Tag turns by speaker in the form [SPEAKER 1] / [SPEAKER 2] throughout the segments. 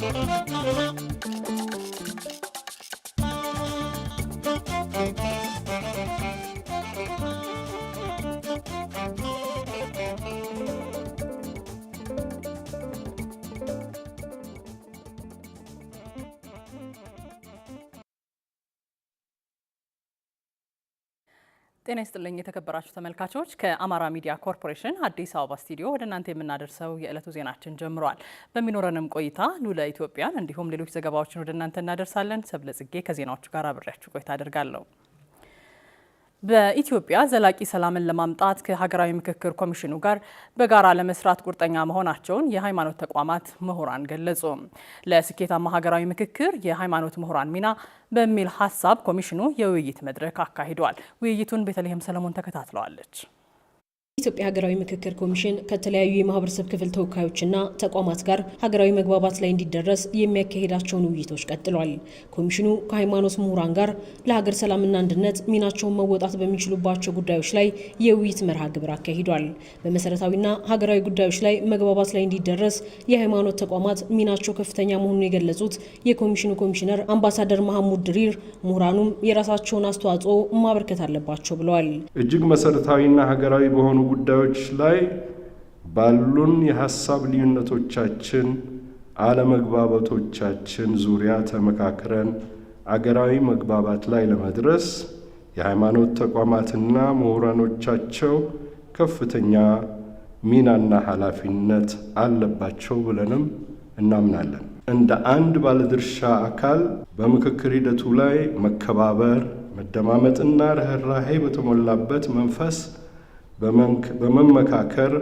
[SPEAKER 1] どどどど。ጤና ይስጥልኝ የተከበራችሁ ተመልካቾች፣ ከአማራ ሚዲያ ኮርፖሬሽን አዲስ አበባ ስቱዲዮ ወደ እናንተ የምናደርሰው የዕለቱ ዜናችን ጀምሯል። በሚኖረንም ቆይታ ሉለ ኢትዮጵያን እንዲሁም ሌሎች ዘገባዎችን ወደ እናንተ እናደርሳለን። ሰብለጽጌ ከዜናዎቹ ጋር አብሬያችሁ ቆይታ አደርጋለሁ። በኢትዮጵያ ዘላቂ ሰላምን ለማምጣት ከሀገራዊ ምክክር ኮሚሽኑ ጋር በጋራ ለመስራት ቁርጠኛ መሆናቸውን የሃይማኖት ተቋማት ምሁራን ገለጹ። ለስኬታማ ሀገራዊ ምክክር የሃይማኖት ምሁራን ሚና በሚል ሀሳብ ኮሚሽኑ የውይይት መድረክ አካሂዷል። ውይይቱን ቤተልሔም ሰለሞን ተከታትለዋለች። የኢትዮጵያ ሀገራዊ ምክክር ኮሚሽን ከተለያዩ የማህበረሰብ ክፍል ተወካዮችና ተቋማት ጋር ሀገራዊ መግባባት ላይ እንዲደረስ የሚያካሄዳቸውን ውይይቶች ቀጥሏል። ኮሚሽኑ ከሃይማኖት ምሁራን ጋር ለሀገር ሰላምና አንድነት ሚናቸውን መወጣት በሚችሉባቸው ጉዳዮች ላይ የውይይት መርሃ ግብር አካሂዷል። በመሰረታዊና ሀገራዊ ጉዳዮች ላይ መግባባት ላይ እንዲደረስ የሃይማኖት ተቋማት ሚናቸው ከፍተኛ መሆኑን የገለጹት የኮሚሽኑ ኮሚሽነር አምባሳደር መሐሙድ ድሪር ምሁራኑም የራሳቸውን አስተዋጽኦ ማበርከት አለባቸው ብለዋል።
[SPEAKER 2] እጅግ መሰረታዊና ሀገራዊ በሆኑ ጉዳዮች ላይ ባሉን የሀሳብ ልዩነቶቻችን፣ አለመግባባቶቻችን ዙሪያ ተመካክረን አገራዊ መግባባት ላይ ለመድረስ የሃይማኖት ተቋማትና ምሁራኖቻቸው ከፍተኛ ሚናና ኃላፊነት አለባቸው ብለንም እናምናለን። እንደ አንድ ባለድርሻ አካል በምክክር ሂደቱ ላይ መከባበር፣ መደማመጥና ርኅራሄ በተሞላበት መንፈስ በመመካከር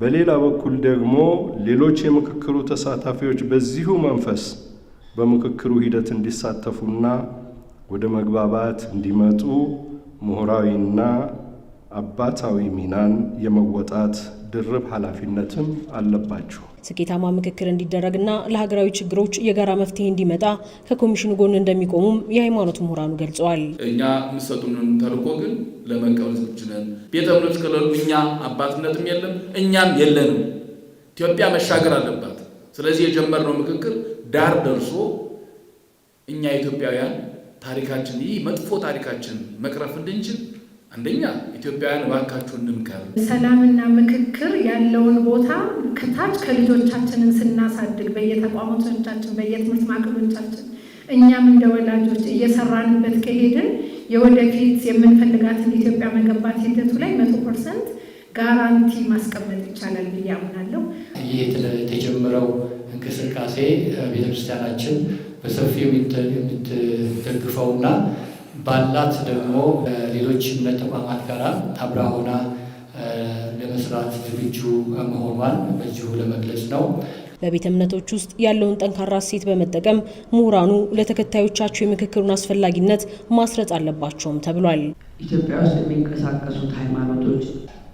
[SPEAKER 2] በሌላ በኩል ደግሞ ሌሎች የምክክሩ ተሳታፊዎች በዚሁ መንፈስ በምክክሩ ሂደት እንዲሳተፉና ወደ መግባባት እንዲመጡ ምሁራዊና አባታዊ ሚናን የመወጣት ድርብ ኃላፊነትም አለባችሁ።
[SPEAKER 1] ስኬታማ ምክክር እንዲደረግና ለሀገራዊ ችግሮች የጋራ መፍትሄ እንዲመጣ ከኮሚሽኑ ጎን እንደሚቆሙም የሃይማኖት ምሁራኑ ገልጸዋል።
[SPEAKER 3] እኛ የምትሰጡንን ተልዕኮ ግን ለመቀበል ዝግጁ ነን። ቤተ ከሌሉ እኛ አባትነትም የለም እኛም የለንም። ኢትዮጵያ መሻገር አለባት። ስለዚህ የጀመርነው ምክክር ዳር ደርሶ እኛ ኢትዮጵያውያን ታሪካችን ይህ መጥፎ ታሪካችን መቅረፍ እንድንችል አንደኛ ኢትዮጵያውያን እባካችሁን እንምከር።
[SPEAKER 4] ሰላምና ምክክር ያለውን ቦታ ከታች ከልጆቻችንን ስናሳድግ በየተቋሞቻችን በየትምህርት ማዕከሎቻችን እኛም እንደ ወላጆች እየሰራንበት ከሄድን የወደፊት የምንፈልጋትን ኢትዮጵያ መገንባት ሂደቱ ላይ መቶ ፐርሰንት ጋራንቲ ማስቀመጥ ይቻላል ብዬ አምናለሁ።
[SPEAKER 5] ይህ የተጀመረው እንቅስቃሴ ቤተክርስቲያናችን በሰፊው የምትደግፈውና ባላት ደግሞ ሌሎች እምነት ተቋማት ጋር አብራ ሆና ለመስራት ዝግጁ መሆኗን በዚሁ ለመግለጽ ነው።
[SPEAKER 1] በቤተ እምነቶች ውስጥ ያለውን ጠንካራ እሴት በመጠቀም ምሁራኑ ለተከታዮቻቸው የምክክሩን አስፈላጊነት ማስረጽ አለባቸውም ተብሏል።
[SPEAKER 6] ኢትዮጵያ ውስጥ የሚንቀሳቀሱት ሃይማኖቶች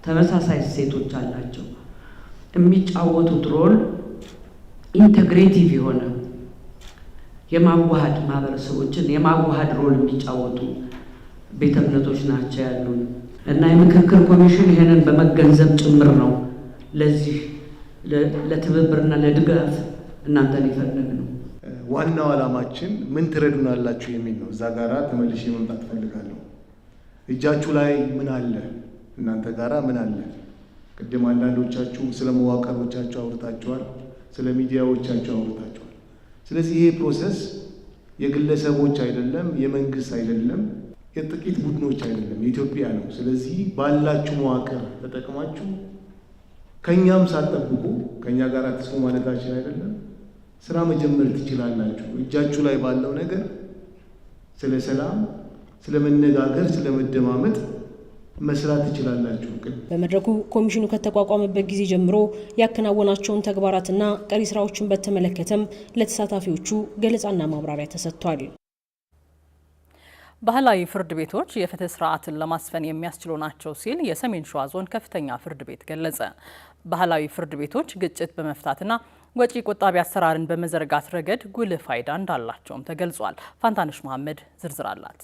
[SPEAKER 6] ተመሳሳይ እሴቶች አላቸው። የሚጫወቱት ሮል ኢንተግሬቲቭ የሆነ የማዋሃድ ማህበረሰቦችን የማዋሃድ ሮል የሚጫወቱ ቤተ እምነቶች ናቸው ያሉን እና የምክክር ኮሚሽን ይህንን በመገንዘብ ጭምር ነው ለዚህ ለትብብርና ለድጋፍ እናንተን የፈለግ ነው።
[SPEAKER 2] ዋናው ዓላማችን ምን ትረዱናላችሁ የሚል ነው። እዛ ጋራ ተመልሼ መምጣት እፈልጋለሁ። እጃችሁ ላይ ምን አለ? እናንተ ጋራ ምን አለ? ቅድም አንዳንዶቻችሁ ስለ መዋቅሮቻችሁ አውርታችኋል፣ ስለ ሚዲያዎቻችሁ አውርታችኋል። ስለዚህ ይሄ ፕሮሰስ የግለሰቦች አይደለም፣ የመንግስት አይደለም፣ የጥቂት ቡድኖች አይደለም፣ የኢትዮጵያ ነው። ስለዚህ ባላችሁ መዋቅር ተጠቅማችሁ ከእኛም ሳትጠብቁ ከእኛ ጋር አትስሙ ማለታችን አይደለም፣ ስራ መጀመር ትችላላችሁ። እጃችሁ ላይ ባለው ነገር ስለ ሰላም፣ ስለ መነጋገር፣ ስለ መደማመጥ መስራት ትችላላችሁ።
[SPEAKER 1] በመድረኩ ኮሚሽኑ ከተቋቋመበት ጊዜ ጀምሮ ያከናወናቸውን ተግባራትና ቀሪ ስራዎችን በተመለከተም ለተሳታፊዎቹ ገለጻና ማብራሪያ ተሰጥቷል። ባህላዊ ፍርድ ቤቶች የፍትህ ስርዓትን ለማስፈን የሚያስችሉ ናቸው ሲል የሰሜን ሸዋ ዞን ከፍተኛ ፍርድ ቤት ገለጸ። ባህላዊ ፍርድ ቤቶች ግጭት በመፍታትና ወጪ ቆጣቢ አሰራርን በመዘርጋት ረገድ ጉልህ ፋይዳ እንዳላቸውም ተገልጿል። ፋንታነሽ መሐመድ ዝርዝር አላት።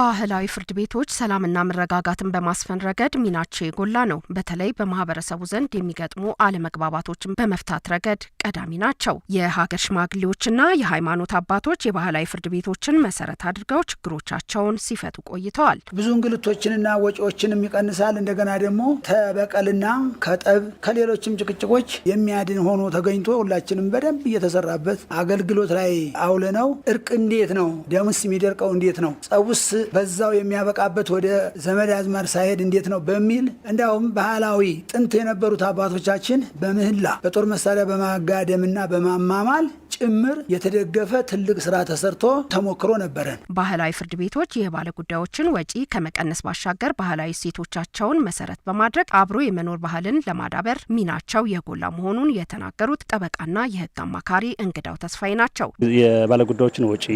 [SPEAKER 1] ባህላዊ ፍርድ ቤቶች ሰላምና መረጋጋትን በማስፈን ረገድ ሚናቸው የጎላ ነው። በተለይ በማህበረሰቡ ዘንድ የሚገጥሙ አለመግባባቶችን በመፍታት ረገድ ቀዳሚ ናቸው። የሀገር ሽማግሌዎችና የሃይማኖት አባቶች የባህላዊ ፍርድ ቤቶችን መሰረት አድርገው ችግሮቻቸውን ሲፈቱ ቆይተዋል።
[SPEAKER 7] ብዙ እንግልቶችንና ወጪዎችንም ይቀንሳል። እንደገና ደግሞ ከበቀልና ከጠብ ከሌሎችም ጭቅጭቆች የሚያድን ሆኖ ተገኝቶ ሁላችንም በደንብ እየተሰራበት አገልግሎት ላይ አውለ ነው እርቅ እንዴት ነው ደምስ የሚደርቀው እንዴት ነው ጸውስ በዛው የሚያበቃበት ወደ ዘመድ አዝማር ሳይሄድ እንዴት ነው በሚል እንዲያውም ባህላዊ ጥንት የነበሩት አባቶቻችን በምህላ በጦር መሳሪያ በማጋደምና በማማማል ጭምር የተደገፈ ትልቅ ስራ ተሰርቶ ተሞክሮ ነበረን።
[SPEAKER 8] ባህላዊ ፍርድ ቤቶች የባለ ጉዳዮችን ወጪ ከመቀነስ ባሻገር ባህላዊ እሴቶቻቸውን መሰረት በማድረግ አብሮ የመኖር ባህልን ለማዳበር ሚናቸው የጎላ መሆኑን የተናገሩት ጠበቃና የህግ አማካሪ እንግዳው ተስፋዬ ናቸው።
[SPEAKER 9] የባለ ጉዳዮችን ወጪ፣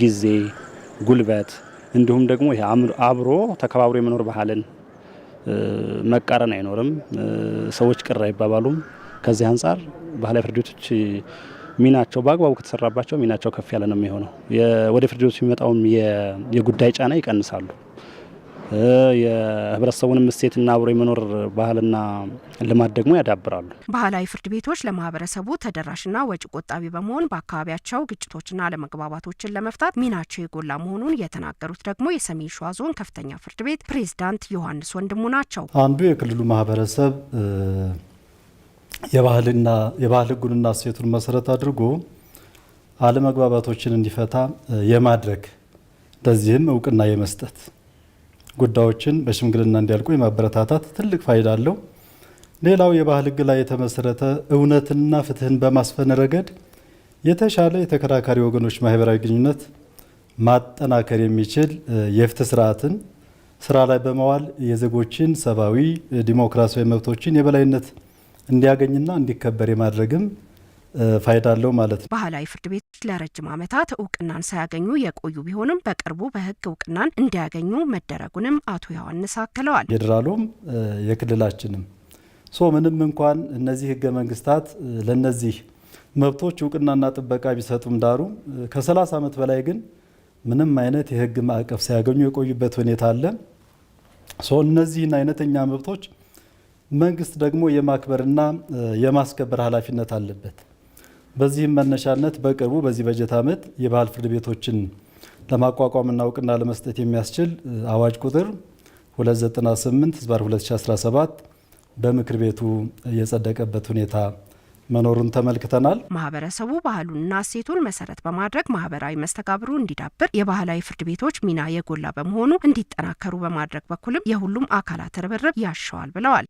[SPEAKER 9] ጊዜ፣ ጉልበት እንዲሁም ደግሞ አብሮ ተከባብሮ የመኖር ባህልን መቃረን አይኖርም። ሰዎች ቅር አይባባሉም። ከዚህ አንጻር ባህላዊ ፍርድ ቤቶች ሚናቸው በአግባቡ ከተሰራባቸው ሚናቸው ከፍ ያለ ነው የሚሆነው። ወደ ፍርድ ቤቶች የሚመጣውም የጉዳይ ጫና ይቀንሳሉ። የህብረተሰቡንም እሴትና አብሮ የመኖር ባህልና ልማት ደግሞ ያዳብራሉ።
[SPEAKER 1] ባህላዊ ፍርድ ቤቶች ለማህበረሰቡ ተደራሽና ወጪ ቆጣቢ በመሆን በአካባቢያቸው ግጭቶችና አለመግባባቶችን ለመፍታት ሚናቸው የጎላ መሆኑን የተናገሩት ደግሞ የሰሜን ሸዋ ዞን ከፍተኛ ፍርድ ቤት ፕሬዝዳንት ዮሐንስ ወንድሙ ናቸው።
[SPEAKER 10] አንዱ የክልሉ ማህበረሰብ የባህልና የባህል ህጉንና እሴቱን መሰረት አድርጎ አለመግባባቶችን እንዲፈታ የማድረግ እንደዚህም እውቅና የመስጠት ጉዳዮችን በሽምግልና እንዲያልቁ የማበረታታት ትልቅ ፋይዳ አለው። ሌላው የባህል ህግ ላይ የተመሰረተ እውነትና ፍትህን በማስፈን ረገድ የተሻለ የተከራካሪ ወገኖች ማህበራዊ ግንኙነት ማጠናከር የሚችል የፍትህ ስርዓትን ስራ ላይ በመዋል የዜጎችን ሰብአዊ ዲሞክራሲያዊ መብቶችን የበላይነት እንዲያገኝና እንዲከበር የማድረግም ፋይዳ አለው ማለት ነው።
[SPEAKER 1] ባህላዊ ፍርድ ቤቶች ለረጅም ዓመታት እውቅናን ሳያገኙ የቆዩ ቢሆንም በቅርቡ በህግ እውቅናን እንዲያገኙ መደረጉንም አቶ ዮሐንስ አክለዋል።
[SPEAKER 10] ፌዴራሉም የክልላችንም ሶ ምንም እንኳን እነዚህ ህገ መንግስታት ለነዚህ መብቶች እውቅናና ጥበቃ ቢሰጡም ዳሩ ከ30 ዓመት በላይ ግን ምንም አይነት የህግ ማዕቀፍ ሳያገኙ የቆዩበት ሁኔታ አለ። ሶ እነዚህን አይነተኛ መብቶች መንግስት ደግሞ የማክበርና የማስከበር ኃላፊነት አለበት። በዚህም መነሻነት በቅርቡ በዚህ በጀት ዓመት የባህል ፍርድ ቤቶችን ለማቋቋምና እውቅና ለመስጠት የሚያስችል አዋጅ ቁጥር 298 ህዝባር 2017 በምክር ቤቱ የጸደቀበት ሁኔታ መኖሩን ተመልክተናል።
[SPEAKER 1] ማህበረሰቡ ባህሉንና እሴቱን መሰረት በማድረግ ማህበራዊ መስተጋብሩ እንዲዳብር የባህላዊ ፍርድ ቤቶች ሚና የጎላ በመሆኑ እንዲጠናከሩ በማድረግ በኩልም የሁሉም አካላት ርብርብ ያሻዋል ብለዋል።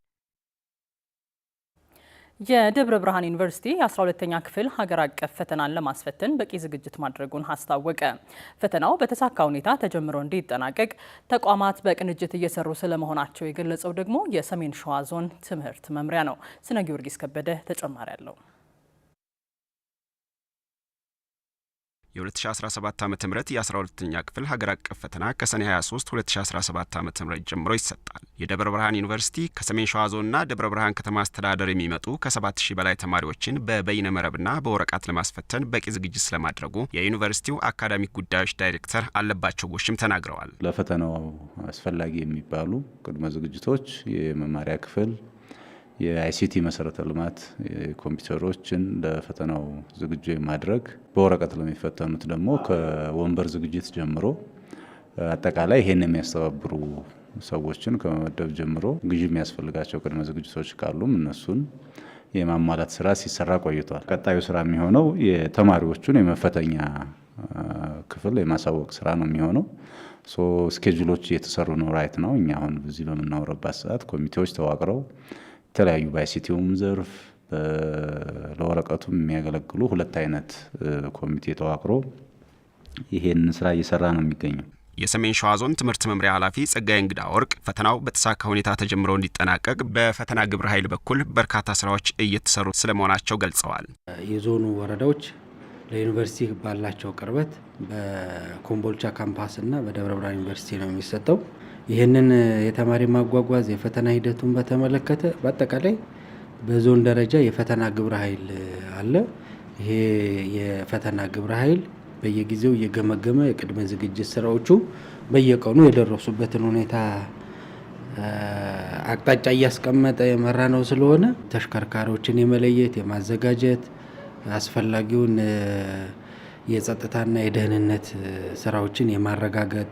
[SPEAKER 1] የደብረ ብርሃን ዩኒቨርሲቲ የ12ተኛ ክፍል ሀገር አቀፍ ፈተናን ለማስፈተን በቂ ዝግጅት ማድረጉን አስታወቀ። ፈተናው በተሳካ ሁኔታ ተጀምሮ እንዲጠናቀቅ ተቋማት በቅንጅት እየሰሩ ስለመሆናቸው የገለጸው ደግሞ የሰሜን ሸዋ ዞን ትምህርት መምሪያ ነው። ስነ ጊዮርጊስ ከበደ ተጨማሪ አለው።
[SPEAKER 11] የ2017 ዓ ም የ12ኛ ክፍል ሀገር አቀፍ ፈተና ከሰኔ 23 2017 ዓ ም ጀምሮ ይሰጣል። የደብረ ብርሃን ዩኒቨርሲቲ ከሰሜን ሸዋ ዞንና ደብረ ብርሃን ከተማ አስተዳደር የሚመጡ ከ7000 በላይ ተማሪዎችን በበይነ መረብና በወረቀት ለማስፈተን በቂ ዝግጅት ስለማድረጉ የዩኒቨርሲቲው አካዳሚክ ጉዳዮች ዳይሬክተር አለባቸው ጎሽም ተናግረዋል።
[SPEAKER 12] ለፈተናው አስፈላጊ የሚባሉ ቅድመ ዝግጅቶች የመማሪያ ክፍል የአይሲቲ መሰረተ ልማት ኮምፒውተሮችን ለፈተናው ዝግጁ የማድረግ በወረቀት ለሚፈተኑት ደግሞ ከወንበር ዝግጅት ጀምሮ አጠቃላይ ይሄን የሚያስተባብሩ ሰዎችን ከመመደብ ጀምሮ ግዢ የሚያስፈልጋቸው ቅድመ ዝግጅቶች ካሉም እነሱን የማሟላት ስራ ሲሰራ ቆይቷል። ቀጣዩ ስራ የሚሆነው የተማሪዎቹን የመፈተኛ ክፍል የማሳወቅ ስራ ነው የሚሆነው። ስኬጁሎች እየተሰሩ ነው ራይት ነው። እኛ አሁን በዚህ በምናወረባት ሰዓት ኮሚቴዎች ተዋቅረው የተለያዩ በአይሲቲውም ዘርፍ ለወረቀቱም የሚያገለግሉ ሁለት አይነት ኮሚቴ ተዋቅሮ ይሄን ስራ እየሰራ ነው የሚገኘው።
[SPEAKER 11] የሰሜን ሸዋ ዞን ትምህርት መምሪያ ኃላፊ ጸጋይ እንግዳ ወርቅ ፈተናው በተሳካ ሁኔታ ተጀምሮ እንዲጠናቀቅ በፈተና ግብረ ኃይል በኩል በርካታ ስራዎች እየተሰሩ ስለመሆናቸው ገልጸዋል።
[SPEAKER 6] የዞኑ ወረዳዎች ለዩኒቨርሲቲ ባላቸው ቅርበት በኮምቦልቻ ካምፓስ እና በደብረ ብርሃን ዩኒቨርሲቲ ነው የሚሰጠው። ይህንን የተማሪ ማጓጓዝ የፈተና ሂደቱን በተመለከተ በአጠቃላይ በዞን ደረጃ የፈተና ግብረ ኃይል አለ። ይሄ የፈተና ግብረ ኃይል በየጊዜው እየገመገመ የቅድመ ዝግጅት ስራዎቹ በየቀኑ የደረሱበትን ሁኔታ አቅጣጫ እያስቀመጠ የመራ ነው ስለሆነ ተሽከርካሪዎችን የመለየት የማዘጋጀት አስፈላጊውን የጸጥታና የደህንነት ስራዎችን የማረጋገጥ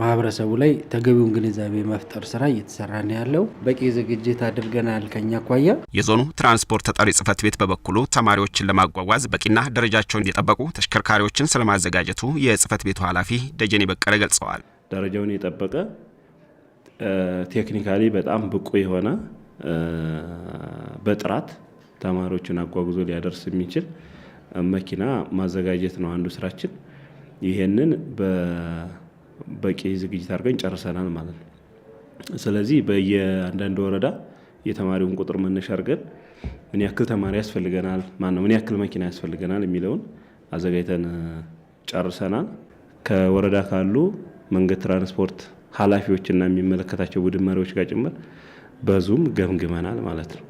[SPEAKER 6] ማህበረሰቡ ላይ ተገቢውን ግንዛቤ መፍጠር ስራ እየተሰራ ነው ያለው። በቂ ዝግጅት አድርገናል ከኛ አኳያ።
[SPEAKER 11] የዞኑ ትራንስፖርት ተጠሪ ጽህፈት ቤት በበኩሉ ተማሪዎችን ለማጓጓዝ በቂና ደረጃቸውን የጠበቁ ተሽከርካሪዎችን ስለማዘጋጀቱ የጽህፈት ቤቱ ኃላፊ ደጀኔ በቀለ ገልጸዋል።
[SPEAKER 10] ደረጃውን የጠበቀ ቴክኒካሊ በጣም ብቁ የሆነ በጥራት ተማሪዎችን አጓጉዞ ሊያደርስ የሚችል መኪና ማዘጋጀት ነው አንዱ ስራችን። ይሄንን በቂ ዝግጅት አድርገን ጨርሰናል ማለት ነው። ስለዚህ በየአንዳንድ ወረዳ የተማሪውን ቁጥር መነሻ አድርገን ምን ያክል ተማሪ ያስፈልገናል፣ ማነው ምን ያክል መኪና ያስፈልገናል የሚለውን አዘጋጅተን ጨርሰናል። ከወረዳ ካሉ መንገድ ትራንስፖርት ኃላፊዎችና የሚመለከታቸው ቡድን መሪዎች ጋር ጭምር በዙም ገምግመናል ማለት ነው።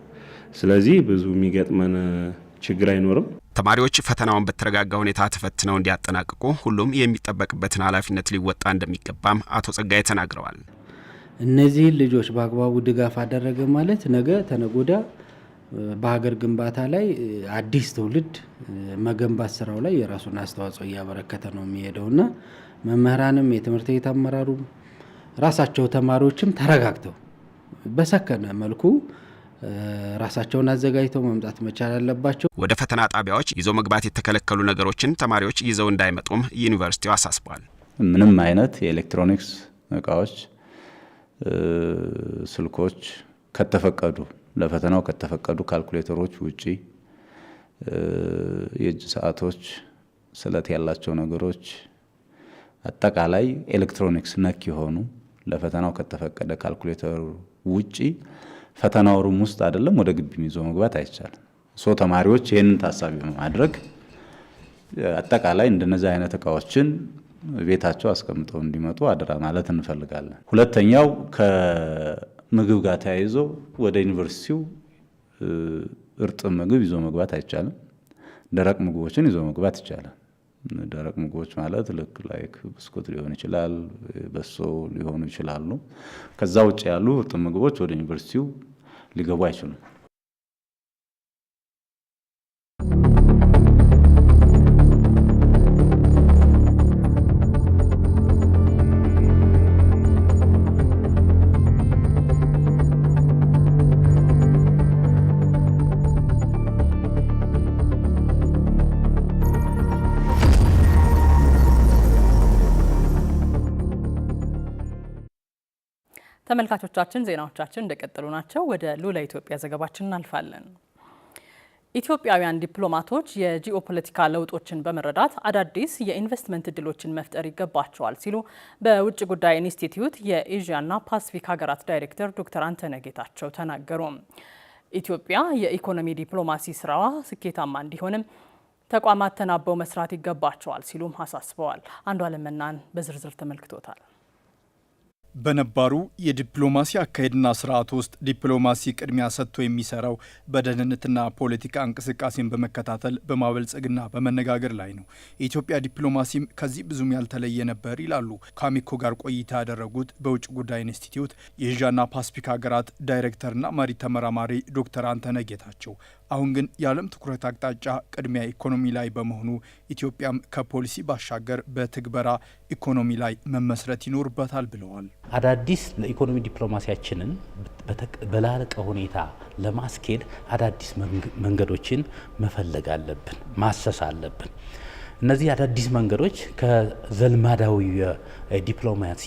[SPEAKER 10] ስለዚህ ብዙ የሚገጥመን ችግር አይኖርም።
[SPEAKER 11] ተማሪዎች ፈተናውን በተረጋጋ ሁኔታ ተፈትነው እንዲያጠናቅቁ ሁሉም የሚጠበቅበትን ኃላፊነት ሊወጣ እንደሚገባም አቶ ጸጋይ ተናግረዋል።
[SPEAKER 6] እነዚህን ልጆች በአግባቡ ድጋፍ አደረገ ማለት ነገ ተነጎዳ በሀገር ግንባታ ላይ አዲስ ትውልድ መገንባት ስራው ላይ የራሱን አስተዋጽኦ እያበረከተ ነው የሚሄደው እና መምህራንም የትምህርት ቤት አመራሩም ራሳቸው ተማሪዎችም ተረጋግተው በሰከነ መልኩ ራሳቸውን አዘጋጅተው መምጣት መቻል አለባቸው።
[SPEAKER 11] ወደ ፈተና ጣቢያዎች ይዞ መግባት የተከለከሉ ነገሮችን ተማሪዎች ይዘው እንዳይመጡም ዩኒቨርሲቲው አሳስቧል።
[SPEAKER 12] ምንም አይነት የኤሌክትሮኒክስ እቃዎች፣ ስልኮች ከተፈቀዱ ለፈተናው ከተፈቀዱ ካልኩሌተሮች ውጪ የእጅ ሰዓቶች፣ ስለት ያላቸው ነገሮች፣ አጠቃላይ ኤሌክትሮኒክስ ነክ የሆኑ ለፈተናው ከተፈቀደ ካልኩሌተር ውጪ ፈተናው ሩም ውስጥ አይደለም፣ ወደ ግቢም ይዞ መግባት አይቻልም። ሶ ተማሪዎች ይህንን ታሳቢ በማድረግ አጠቃላይ እንደነዚህ አይነት እቃዎችን ቤታቸው አስቀምጠው እንዲመጡ አደራ ማለት እንፈልጋለን። ሁለተኛው ከምግብ ጋር ተያይዞ ወደ ዩኒቨርሲቲው እርጥብ ምግብ ይዞ መግባት አይቻልም። ደረቅ ምግቦችን ይዞ መግባት ይቻላል። ደረቅ ምግቦች ማለት ልክ ላይክ ብስኩት ሊሆን ይችላል፣ በሶ ሊሆኑ ይችላሉ። ከዛ ውጭ ያሉ እርጥብ ምግቦች ወደ ዩኒቨርሲቲው ሊገቡ አይችሉም።
[SPEAKER 1] ተመልካቾቻችን ዜናዎቻችን እንደቀጠሉ ናቸው። ወደ ሉላ ኢትዮጵያ ዘገባችን እናልፋለን። ኢትዮጵያውያን ዲፕሎማቶች የጂኦፖለቲካ ለውጦችን በመረዳት አዳዲስ የኢንቨስትመንት እድሎችን መፍጠር ይገባቸዋል ሲሉ በውጭ ጉዳይ ኢንስቲትዩት የኤዥያና ፓሲፊክ ሀገራት ዳይሬክተር ዶክተር አንተነ ጌታቸው ተናገሩ። ኢትዮጵያ የኢኮኖሚ ዲፕሎማሲ ስራዋ ስኬታማ እንዲሆንም ተቋማት ተናበው መስራት ይገባቸዋል ሲሉም አሳስበዋል። አንዷለም መናን በዝርዝር ተመልክቶታል።
[SPEAKER 13] በነባሩ የዲፕሎማሲ አካሄድና ስርዓት ውስጥ ዲፕሎማሲ ቅድሚያ ሰጥቶ የሚሰራው በደህንነትና ፖለቲካ እንቅስቃሴን በመከታተል በማበልጸግና በመነጋገር ላይ ነው። የኢትዮጵያ ዲፕሎማሲም ከዚህ ብዙም ያልተለየ ነበር ይላሉ ከአሚኮ ጋር ቆይታ ያደረጉት በውጭ ጉዳይ ኢንስቲትዩት የኤዥያና ፓስፊክ ሀገራት ዳይሬክተርና መሪ ተመራማሪ ዶክተር አንተነህ ጌታቸው። አሁን ግን የዓለም ትኩረት አቅጣጫ ቅድሚያ ኢኮኖሚ ላይ በመሆኑ ኢትዮጵያም ከፖሊሲ ባሻገር በትግበራ ኢኮኖሚ ላይ መመስረት ይኖርበታል ብለዋል።
[SPEAKER 14] አዳዲስ ለኢኮኖሚ ዲፕሎማሲያችንን በላለቀ ሁኔታ ለማስኬድ አዳዲስ መንገዶችን መፈለግ አለብን፣ ማሰስ አለብን። እነዚህ አዳዲስ መንገዶች ከዘልማዳዊ ዲፕሎማሲ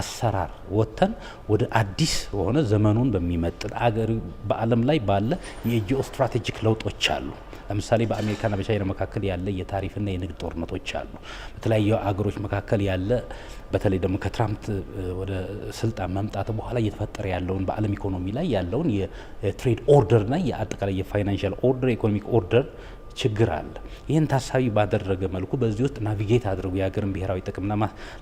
[SPEAKER 14] አሰራር ወጥተን ወደ አዲስ በሆነ ዘመኑን በሚመጥን አገር በዓለም ላይ ባለ የጂኦ ስትራቴጂክ ለውጦች አሉ። ለምሳሌ በአሜሪካና በቻይና መካከል ያለ የታሪፍና የንግድ ጦርነቶች አሉ። በተለያዩ አገሮች መካከል ያለ በተለይ ደግሞ ከትራምፕ ወደ ስልጣን መምጣት በኋላ እየተፈጠረ ያለውን በዓለም ኢኮኖሚ ላይ ያለውን የትሬድ ኦርደርና የአጠቃላይ የፋይናንሻል ኦርደር የኢኮኖሚክ ኦርደር ችግር አለ። ይህን ታሳቢ ባደረገ መልኩ በዚህ ውስጥ ናቪጌት አድርጉ የሀገርን ብሔራዊ ጥቅም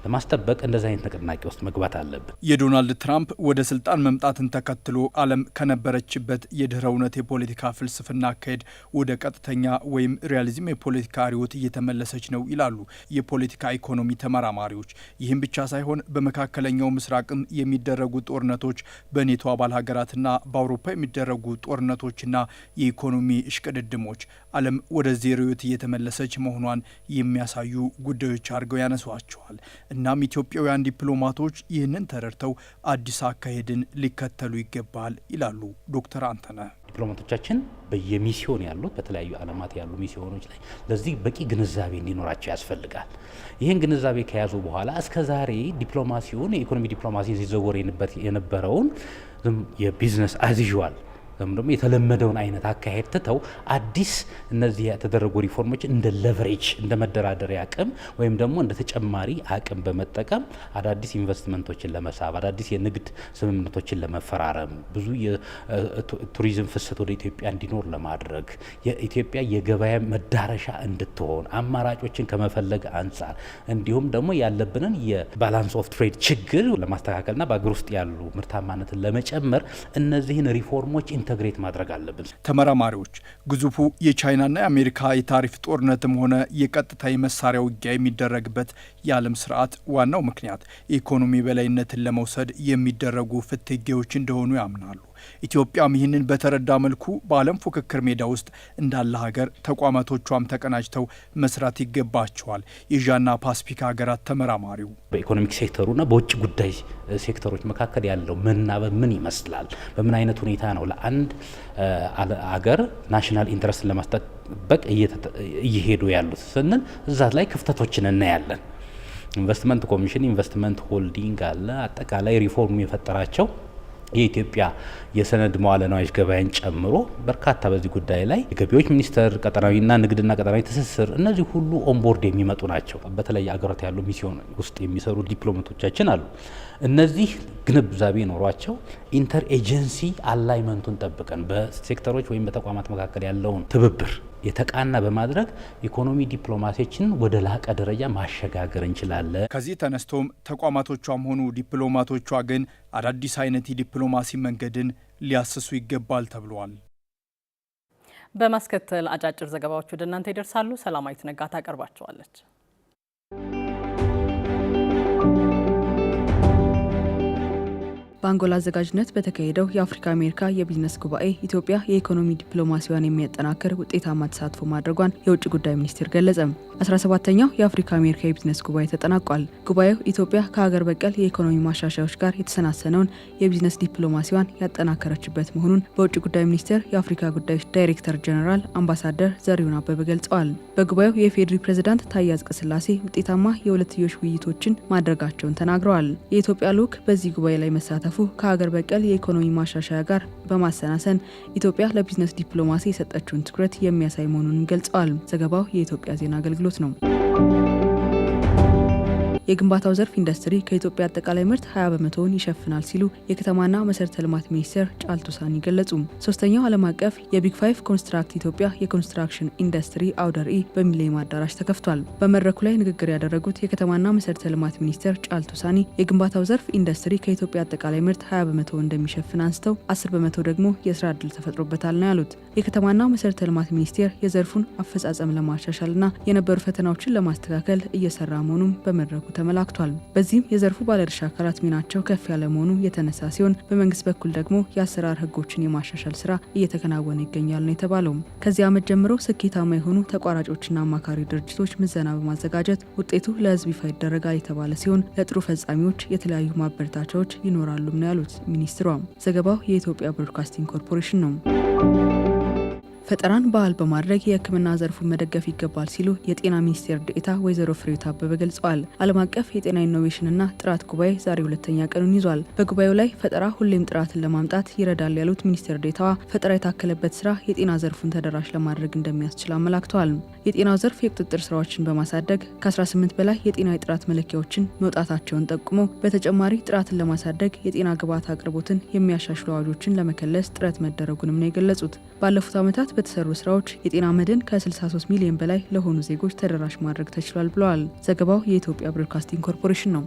[SPEAKER 14] ለማስጠበቅ እንደዚ አይነት ንቅናቄ ውስጥ መግባት አለብን።
[SPEAKER 13] የዶናልድ ትራምፕ ወደ ስልጣን መምጣትን ተከትሎ ዓለም ከነበረችበት የድህረ እውነት የፖለቲካ ፍልስፍና አካሄድ ወደ ቀጥተኛ ወይም ሪያሊዝም የፖለቲካ አርዮት እየተመለሰች ነው ይላሉ የፖለቲካ ኢኮኖሚ ተመራማሪዎች። ይህም ብቻ ሳይሆን በመካከለኛው ምስራቅም የሚደረጉ ጦርነቶች፣ በኔቶ አባል ሀገራትና በአውሮፓ የሚደረጉ ጦርነቶችና የኢኮኖሚ እሽቅድድሞች ዓለም ዜሮ ህይወት እየተመለሰች መሆኗን የሚያሳዩ ጉዳዮች አድርገው ያነሷቸዋል። እናም ኢትዮጵያውያን ዲፕሎማቶች ይህንን ተረድተው አዲስ አካሄድን ሊከተሉ ይገባል ይላሉ ዶክተር አንተነህ።
[SPEAKER 14] ዲፕሎማቶቻችን በየሚስዮን ያሉት በተለያዩ ዓለማት ያሉ ሚስዮኖች ላይ ለዚህ በቂ ግንዛቤ እንዲኖራቸው ያስፈልጋል። ይህን ግንዛቤ ከያዙ በኋላ እስከ ዛሬ ዲፕሎማሲውን የኢኮኖሚ ዲፕሎማሲ ሲዘወር የነበረውን የቢዝነስ አዝዥዋል ወይም ደግሞ የተለመደውን አይነት አካሄድ ትተው አዲስ እነዚህ የተደረጉ ሪፎርሞች እንደ ለቨሬጅ እንደ መደራደሪያ አቅም ወይም ደግሞ እንደ ተጨማሪ አቅም በመጠቀም አዳዲስ ኢንቨስትመንቶችን ለመሳብ አዳዲስ የንግድ ስምምነቶችን ለመፈራረም ብዙ የቱሪዝም ፍሰት ወደ ኢትዮጵያ እንዲኖር ለማድረግ የኢትዮጵያ የገበያ መዳረሻ እንድትሆን አማራጮችን ከመፈለግ አንጻር እንዲሁም ደግሞ ያለብንን የባላንስ ኦፍ ትሬድ ችግር ለማስተካከልና በአገር ውስጥ ያሉ ምርታማነትን ለመጨመር እነዚህን ሪፎርሞች ኢንተግሬት ማድረግ አለብን።
[SPEAKER 13] ተመራማሪዎች ግዙፉ የቻይናና የአሜሪካ የታሪፍ ጦርነትም ሆነ የቀጥታ የመሳሪያ ውጊያ የሚደረግበት የዓለም ስርዓት ዋናው ምክንያት የኢኮኖሚ በላይነትን ለመውሰድ የሚደረጉ ፍትጌዎች እንደሆኑ ያምናሉ። ኢትዮጵያም ይህንን በተረዳ መልኩ በዓለም ፉክክር ሜዳ ውስጥ እንዳለ ሀገር ተቋማቶቿም ተቀናጅተው መስራት ይገባቸዋል። የዣና ፓስፊክ ሀገራት ተመራማሪው
[SPEAKER 14] በኢኮኖሚክ ሴክተሩና በውጭ ጉዳይ ሴክተሮች መካከል ያለው መናበብ ምን ይመስላል? በምን አይነት ሁኔታ ነው ለአንድ አገር ናሽናል ኢንትረስት ለማስጠበቅ እየሄዱ ያሉት ስንል እዛት ላይ ክፍተቶችን እናያለን። ኢንቨስትመንት ኮሚሽን፣ ኢንቨስትመንት ሆልዲንግ አለ። አጠቃላይ ሪፎርም የፈጠራቸው የኢትዮጵያ የሰነድ መዋለ ንዋዮች ገበያን ጨምሮ በርካታ በዚህ ጉዳይ ላይ የገቢዎች ሚኒስቴር ቀጠናዊና ንግድና ቀጠናዊ ትስስር እነዚህ ሁሉ ኦንቦርድ የሚመጡ ናቸው። በተለይ አገራት ያሉ ሚስዮን ውስጥ የሚሰሩ ዲፕሎማቶቻችን አሉ። እነዚህ ግንዛቤ ኖሯቸው ኢንተር ኤጀንሲ አላይመንቱን ጠብቀን በሴክተሮች ወይም በተቋማት መካከል ያለውን ትብብር የተቃና በማድረግ ኢኮኖሚ ዲፕሎማሲዎችን ወደ ላቀ ደረጃ ማሸጋገር እንችላለን።
[SPEAKER 13] ከዚህ ተነስቶም ተቋማቶቿም ሆኑ ዲፕሎማቶቿ ግን አዳዲስ አይነት የዲፕሎማሲ መንገድን ሊያስሱ ይገባል ተብሏል።
[SPEAKER 1] በማስከተል አጫጭር ዘገባዎች ወደ እናንተ ይደርሳሉ። ሰላማዊት ነጋ ታቀርባቸዋለች። በአንጎላ አዘጋጅነት በተካሄደው የአፍሪካ አሜሪካ የቢዝነስ ጉባኤ ኢትዮጵያ የኢኮኖሚ ዲፕሎማሲዋን የሚያጠናክር ውጤታማ ተሳትፎ ማድረጓን የውጭ ጉዳይ ሚኒስቴር ገለጸ። 17ተኛው የአፍሪካ አሜሪካ የቢዝነስ ጉባኤ ተጠናቋል። ጉባኤው ኢትዮጵያ ከሀገር በቀል የኢኮኖሚ ማሻሻያዎች ጋር የተሰናሰነውን የቢዝነስ ዲፕሎማሲዋን ያጠናከረችበት መሆኑን በውጭ ጉዳይ ሚኒስቴር የአፍሪካ ጉዳዮች ዳይሬክተር ጀኔራል አምባሳደር ዘሪሁን አበበ ገልጸዋል። በጉባኤው የፌዴሪ ፕሬዝዳንት ታዬ አጽቀሥላሴ ውጤታማ የሁለትዮሽ ውይይቶችን ማድረጋቸውን ተናግረዋል። የኢትዮጵያ ልዑክ በዚህ ጉባኤ ላይ መሳተፍ አቀፉ ከሀገር በቀል የኢኮኖሚ ማሻሻያ ጋር በማሰናሰን ኢትዮጵያ ለቢዝነስ ዲፕሎማሲ የሰጠችውን ትኩረት የሚያሳይ መሆኑን ገልጸዋል። ዘገባው የኢትዮጵያ ዜና አገልግሎት ነው። የግንባታው ዘርፍ ኢንዱስትሪ ከኢትዮጵያ አጠቃላይ ምርት 20 በመቶውን ይሸፍናል ሲሉ የከተማና መሰረተ ልማት ሚኒስቴር ጫልቱ ሳኒ ገለጹ። ሶስተኛው ዓለም አቀፍ የቢግ ፋይቭ ኮንስትራክት ኢትዮጵያ የኮንስትራክሽን ኢንዱስትሪ አውደ ርዕይ በሚሌኒየም አዳራሽ ተከፍቷል። በመድረኩ ላይ ንግግር ያደረጉት የከተማና መሰረተ ልማት ሚኒስቴር ጫልቱ ሳኒ የግንባታው ዘርፍ ኢንዱስትሪ ከኢትዮጵያ አጠቃላይ ምርት 20 በመቶ እንደሚሸፍን አንስተው 10 በመቶ ደግሞ የስራ ዕድል ተፈጥሮበታል ነው ያሉት። የከተማና መሰረተ ልማት ሚኒስቴር የዘርፉን አፈጻጸም ለማሻሻልና የነበሩ ፈተናዎችን ለማስተካከል እየሰራ መሆኑም በመድረኩ ተመላክቷል። በዚህም የዘርፉ ባለድርሻ አካላት ሚናቸው ከፍ ያለ መሆኑ የተነሳ ሲሆን በመንግስት በኩል ደግሞ የአሰራር ህጎችን የማሻሻል ስራ እየተከናወነ ይገኛል ነው የተባለው። ከዚህ ዓመት ጀምሮ ስኬታማ የሆኑ ተቋራጮችና አማካሪ ድርጅቶች ምዘና በማዘጋጀት ውጤቱ ለህዝብ ይፋ ይደረጋል የተባለ ሲሆን ለጥሩ ፈጻሚዎች የተለያዩ ማበረታቻዎች ይኖራሉም ነው ያሉት ሚኒስትሯ። ዘገባው የኢትዮጵያ ብሮድካስቲንግ ኮርፖሬሽን ነው። ፈጠራን ባህል በማድረግ የህክምና ዘርፉን መደገፍ ይገባል ሲሉ የጤና ሚኒስቴር ዴኤታ ወይዘሮ ፍሬሕይወት አበበ ገልጸዋል። ዓለም አቀፍ የጤና ኢኖቬሽንና ጥራት ጉባኤ ዛሬ ሁለተኛ ቀኑን ይዟል። በጉባኤው ላይ ፈጠራ ሁሌም ጥራትን ለማምጣት ይረዳል ያሉት ሚኒስቴር ዴኤታዋ ፈጠራ የታከለበት ስራ የጤና ዘርፉን ተደራሽ ለማድረግ እንደሚያስችል አመላክተዋል። የጤናው ዘርፍ የቁጥጥር ስራዎችን በማሳደግ ከ18 በላይ የጤና የጥራት መለኪያዎችን መውጣታቸውን ጠቁሞ በተጨማሪ ጥራትን ለማሳደግ የጤና ግብዓት አቅርቦትን የሚያሻሽሉ አዋጆችን ለመከለስ ጥረት መደረጉንም ነው የገለጹት። ባለፉት ዓመታት በተሰሩ ስራዎች የጤና መድን ከ63 ሚሊዮን በላይ ለሆኑ ዜጎች ተደራሽ ማድረግ ተችሏል ብለዋል። ዘገባው የኢትዮጵያ ብሮድካስቲንግ ኮርፖሬሽን ነው።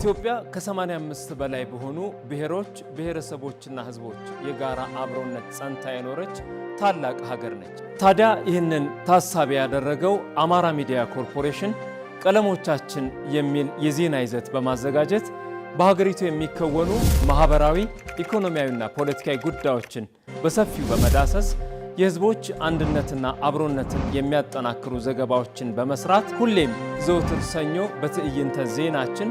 [SPEAKER 15] ኢትዮጵያ ከ85 በላይ በሆኑ ብሔሮች ብሔረሰቦችና ሕዝቦች የጋራ አብሮነት ጸንታ የኖረች ታላቅ ሀገር ነች። ታዲያ ይህንን ታሳቢ ያደረገው አማራ ሚዲያ ኮርፖሬሽን ቀለሞቻችን የሚል የዜና ይዘት በማዘጋጀት በሀገሪቱ የሚከወኑ ማህበራዊ፣ ኢኮኖሚያዊና ፖለቲካዊ ጉዳዮችን በሰፊው በመዳሰስ የህዝቦች አንድነትና አብሮነትን የሚያጠናክሩ ዘገባዎችን በመስራት ሁሌም ዘውትር ሰኞ በትዕይንተ ዜናችን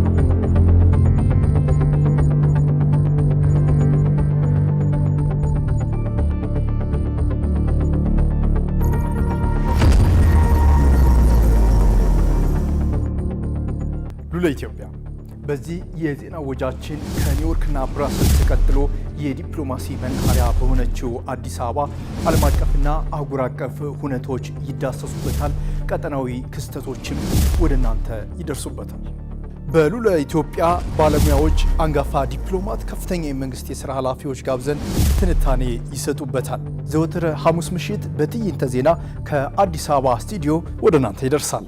[SPEAKER 16] ኢትዮጵያ በዚህ የዜና ወጃችን ከኒውዮርክና ብራስልስ ተቀጥሎ የዲፕሎማሲ መናኸሪያ በሆነችው አዲስ አበባ ዓለም አቀፍና አህጉር አቀፍ ሁነቶች ይዳሰሱበታል። ቀጠናዊ ክስተቶችም ወደ እናንተ ይደርሱበታል። በሉለ ኢትዮጵያ ባለሙያዎች፣ አንጋፋ ዲፕሎማት፣ ከፍተኛ የመንግስት የሥራ ኃላፊዎች ጋብዘን ትንታኔ ይሰጡበታል። ዘወትር ሐሙስ ምሽት በትዕይንተ ዜና ከአዲስ አበባ ስቱዲዮ ወደ እናንተ ይደርሳል።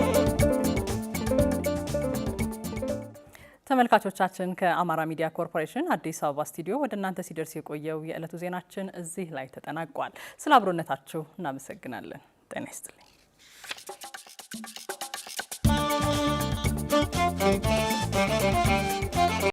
[SPEAKER 1] ተመልካቾቻችን ከአማራ ሚዲያ ኮርፖሬሽን አዲስ አበባ ስቱዲዮ ወደ እናንተ ሲደርስ የቆየው የዕለቱ ዜናችን እዚህ ላይ ተጠናቋል። ስለ አብሮነታችሁ እናመሰግናለን። ጤና ይስጥልኝ።